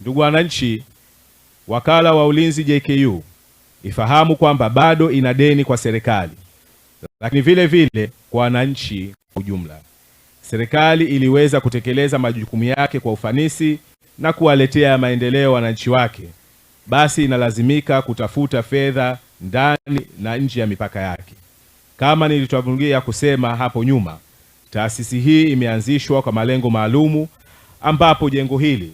Ndugu wananchi, wakala wa ulinzi JKU ifahamu kwamba bado ina deni kwa serikali, lakini vile vile kwa wananchi kwa ujumla. Serikali iliweza kutekeleza majukumu yake kwa ufanisi na kuwaletea maendeleo wananchi wake, basi inalazimika kutafuta fedha ndani na nje ya mipaka yake. Kama nilivyotangulia kusema hapo nyuma, taasisi hii imeanzishwa kwa malengo maalumu, ambapo jengo hili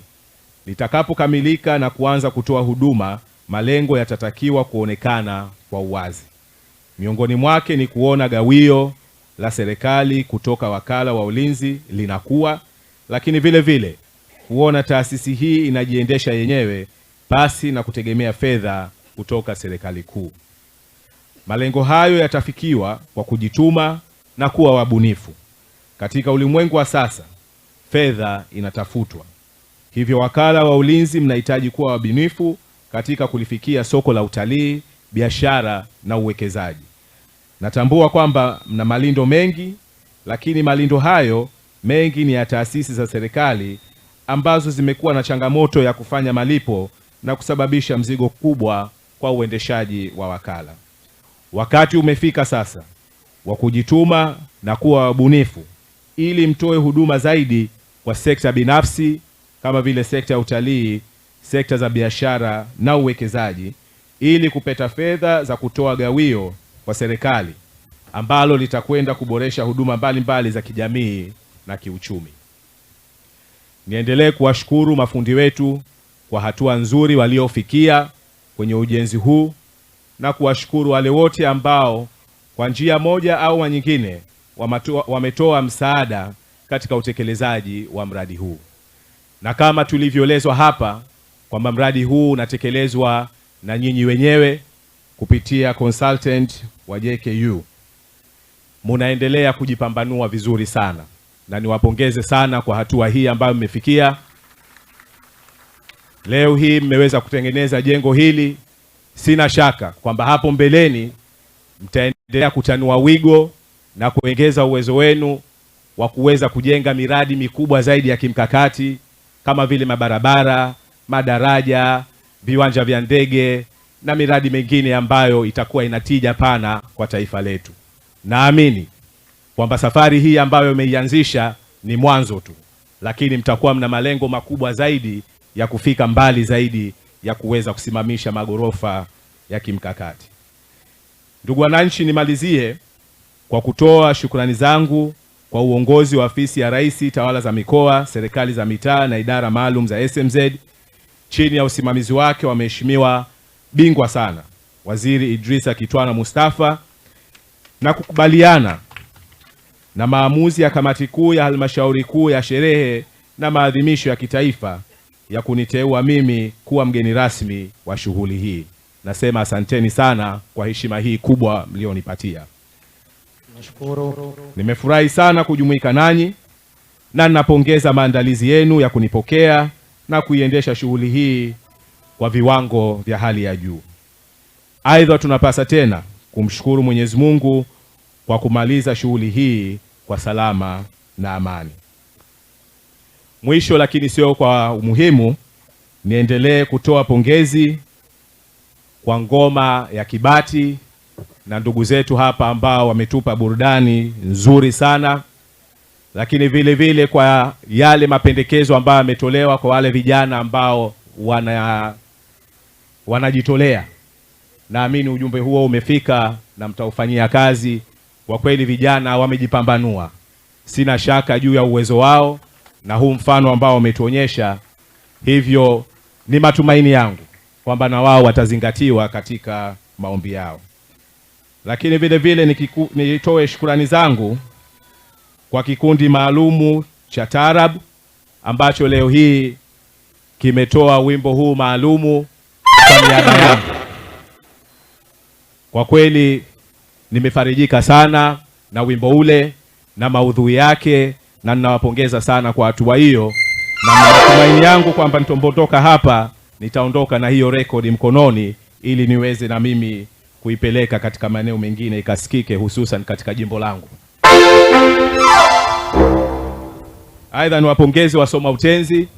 litakapokamilika na kuanza kutoa huduma, malengo yatatakiwa kuonekana kwa uwazi. Miongoni mwake ni kuona gawio la serikali kutoka wakala wa ulinzi linakuwa, lakini vile vile kuona taasisi hii inajiendesha yenyewe pasi na kutegemea fedha kutoka serikali kuu. Malengo hayo yatafikiwa kwa kujituma na kuwa wabunifu. Katika ulimwengu wa sasa, fedha inatafutwa. Hivyo wakala wa ulinzi mnahitaji kuwa wabunifu katika kulifikia soko la utalii, biashara na uwekezaji. Natambua kwamba mna malindo mengi, lakini malindo hayo mengi ni ya taasisi za serikali ambazo zimekuwa na changamoto ya kufanya malipo na kusababisha mzigo kubwa kwa uendeshaji wa wakala. Wakati umefika sasa wa kujituma na kuwa wabunifu ili mtoe huduma zaidi kwa sekta binafsi kama vile sekta ya utalii, sekta za biashara na uwekezaji ili kupata fedha za kutoa gawio kwa serikali ambalo litakwenda kuboresha huduma mbalimbali za kijamii na kiuchumi. Niendelee kuwashukuru mafundi wetu kwa hatua nzuri waliofikia kwenye ujenzi huu na kuwashukuru wale wote ambao kwa njia moja au nyingine wametoa msaada katika utekelezaji wa mradi huu na kama tulivyoelezwa hapa kwamba mradi huu unatekelezwa na nyinyi wenyewe kupitia consultant wa JKU, munaendelea kujipambanua vizuri sana, na niwapongeze sana kwa hatua hii ambayo mmefikia leo hii. Mmeweza kutengeneza jengo hili, sina shaka kwamba hapo mbeleni mtaendelea kutanua wigo na kuongeza uwezo wenu wa kuweza kujenga miradi mikubwa zaidi ya kimkakati kama vile mabarabara, madaraja, viwanja vya ndege na miradi mingine ambayo itakuwa inatija pana kwa taifa letu. Naamini kwamba safari hii ambayo imeianzisha ni mwanzo tu, lakini mtakuwa mna malengo makubwa zaidi ya kufika mbali zaidi ya kuweza kusimamisha magorofa ya kimkakati. Ndugu wananchi, nimalizie kwa kutoa shukrani zangu kwa uongozi wa afisi ya Rais, Tawala za Mikoa, Serikali za Mitaa na Idara Maalum za SMZ chini ya usimamizi wake wameheshimiwa bingwa sana Waziri Idrisa Kitwana Mustafa na kukubaliana na maamuzi ya Kamati Kuu ya Halmashauri Kuu ya Sherehe na Maadhimisho ya Kitaifa ya kuniteua mimi kuwa mgeni rasmi wa shughuli hii. Nasema asanteni sana kwa heshima hii kubwa mlionipatia. Nashukuru. Nimefurahi sana kujumuika nanyi na ninapongeza maandalizi yenu ya kunipokea na kuiendesha shughuli hii kwa viwango vya hali ya juu. Aidha, tunapasa tena kumshukuru Mwenyezi Mungu kwa kumaliza shughuli hii kwa salama na amani. Mwisho lakini sio kwa umuhimu, niendelee kutoa pongezi kwa ngoma ya kibati na ndugu zetu hapa ambao wametupa burudani nzuri sana, lakini vile vile kwa yale mapendekezo ambayo yametolewa kwa wale vijana ambao wana wanajitolea. Naamini ujumbe huo umefika na mtaufanyia kazi. Kwa kweli vijana wamejipambanua, sina shaka juu ya uwezo wao na huu mfano ambao wametuonyesha. Hivyo ni matumaini yangu kwamba na wao watazingatiwa katika maombi yao. Lakini vile vile nitoe shukurani zangu kwa kikundi maalumu cha taarab ambacho leo hii kimetoa wimbo huu maalumu kwa niaba yangu. Kwa kweli nimefarijika sana na wimbo ule na maudhui yake, na ninawapongeza sana kwa hatua hiyo, na matumaini yangu kwamba nitaondoka hapa, nitaondoka na hiyo rekodi mkononi, ili niweze na mimi kuipeleka katika maeneo mengine ikasikike, hususan katika jimbo langu. Aidha, ni wapongezi wasoma utenzi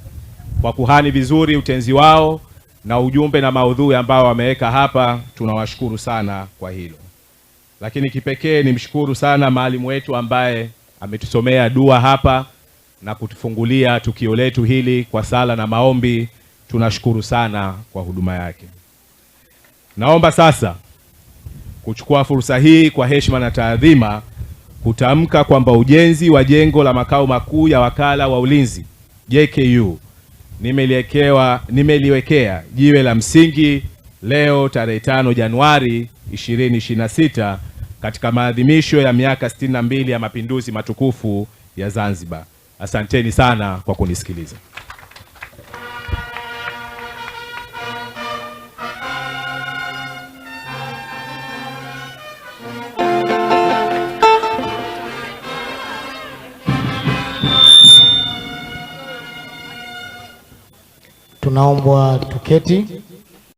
kwa kuhani vizuri utenzi wao na ujumbe na maudhui ambao wameweka hapa, tunawashukuru sana kwa hilo. Lakini kipekee nimshukuru sana maalimu wetu ambaye ametusomea dua hapa na kutufungulia tukio letu hili kwa sala na maombi. Tunashukuru sana kwa huduma yake. Naomba sasa kuchukua fursa hii kwa heshima na taadhima kutamka kwamba ujenzi wa jengo la makao makuu ya wakala wa ulinzi JKU nimeliwekewa nimeliwekea jiwe la msingi leo tarehe 5 Januari 2026 katika maadhimisho ya miaka 62 ya mapinduzi matukufu ya Zanzibar. Asanteni sana kwa kunisikiliza. tunaombwa tuketi.